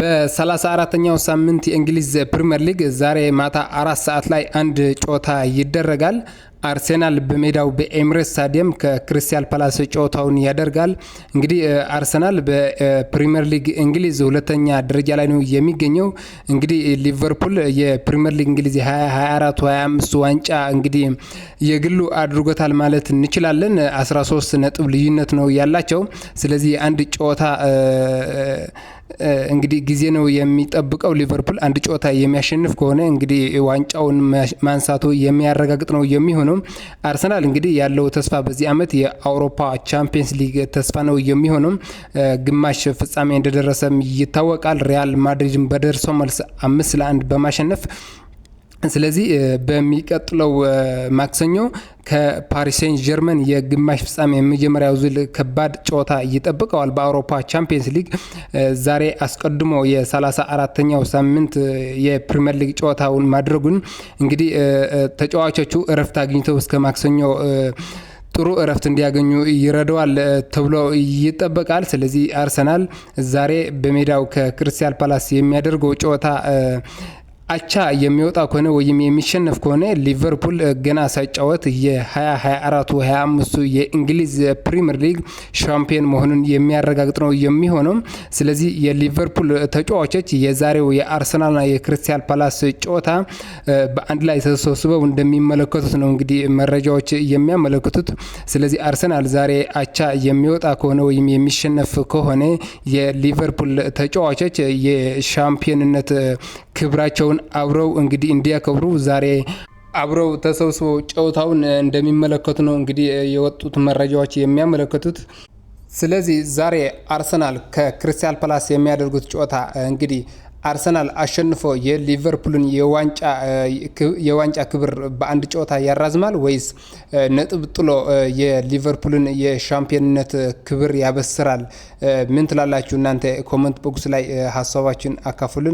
በ34ኛው ሳምንት የእንግሊዝ ፕሪምየር ሊግ ዛሬ ማታ አራት ሰዓት ላይ አንድ ጨዋታ ይደረጋል። አርሴናል በሜዳው በኤምሬስ ስታዲየም ከክሪስታል ፓላስ ጨዋታውን ያደርጋል። እንግዲህ አርሰናል በፕሪምየር ሊግ እንግሊዝ ሁለተኛ ደረጃ ላይ ነው የሚገኘው። እንግዲህ ሊቨርፑል የፕሪምየር ሊግ እንግሊዝ 24 25 ዋንጫ እንግዲህ የግሉ አድርጎታል ማለት እንችላለን። 13 ነጥብ ልዩነት ነው ያላቸው። ስለዚህ አንድ ጨዋታ እንግዲህ ጊዜ ነው የሚጠብቀው። ሊቨርፑል አንድ ጨዋታ የሚያሸንፍ ከሆነ እንግዲህ ዋንጫውን ማንሳቱ የሚያረጋግጥ ነው የሚሆነው። ነው። አርሰናል እንግዲህ ያለው ተስፋ በዚህ ዓመት የአውሮፓ ቻምፒየንስ ሊግ ተስፋ ነው የሚሆነው። ግማሽ ፍጻሜ እንደደረሰም ይታወቃል። ሪያል ማድሪድን በደርሶ መልስ አምስት ለአንድ በማሸነፍ ስለዚህ በሚቀጥለው ማክሰኞ ከፓሪሴን ጀርመን የግማሽ ፍጻሜ የመጀመሪያው ዙል ከባድ ጨዋታ ይጠብቀዋል። በአውሮፓ ቻምፒየንስ ሊግ ዛሬ አስቀድሞ የ34ተኛው ሳምንት የፕሪምየር ሊግ ጨዋታውን ማድረጉን እንግዲህ ተጫዋቾቹ እረፍት አግኝተው እስከ ማክሰኞ ጥሩ እረፍት እንዲያገኙ ይረደዋል ተብሎ ይጠበቃል። ስለዚህ አርሰናል ዛሬ በሜዳው ከክሪስታል ፓላስ የሚያደርገው ጨዋታ አቻ የሚወጣ ከሆነ ወይም የሚሸነፍ ከሆነ ሊቨርፑል eh, ገና ሳይጫወት የ2024 25ቱ የእንግሊዝ ፕሪምየር ሊግ ሻምፒዮን መሆኑን የሚያረጋግጥ ነው የሚሆነው። ስለዚህ የሊቨርፑል ተጫዋቾች የዛሬው የአርሰናልና የክሪስታል ፓላስ ጨዋታ eh, በአንድ ላይ ተሰብስበው እንደሚመለከቱት ነው እንግዲህ መረጃዎች የሚያመለክቱት። ስለዚህ አርሰናል ዛሬ አቻ የሚወጣ ከሆነ ወይም የሚሸነፍ ከሆነ የሊቨርፑል ተጫዋቾች የሻምፒዮንነት ክብራቸውን አብረው እንግዲህ እንዲያከብሩ ዛሬ አብረው ተሰብስበው ጨዋታውን እንደሚመለከቱ ነው እንግዲህ የወጡት መረጃዎች የሚያመለክቱት። ስለዚህ ዛሬ አርሰናል ከክሪስታል ፓላስ የሚያደርጉት ጨዋታ እንግዲህ አርሰናል አሸንፎ የሊቨርፑልን የዋንጫ ክብር በአንድ ጨዋታ ያራዝማል ወይስ ነጥብ ጥሎ የሊቨርፑልን የሻምፒዮንነት ክብር ያበስራል? ምን ትላላችሁ እናንተ? ኮመንት ቦክስ ላይ ሀሳባችን አካፍሉን።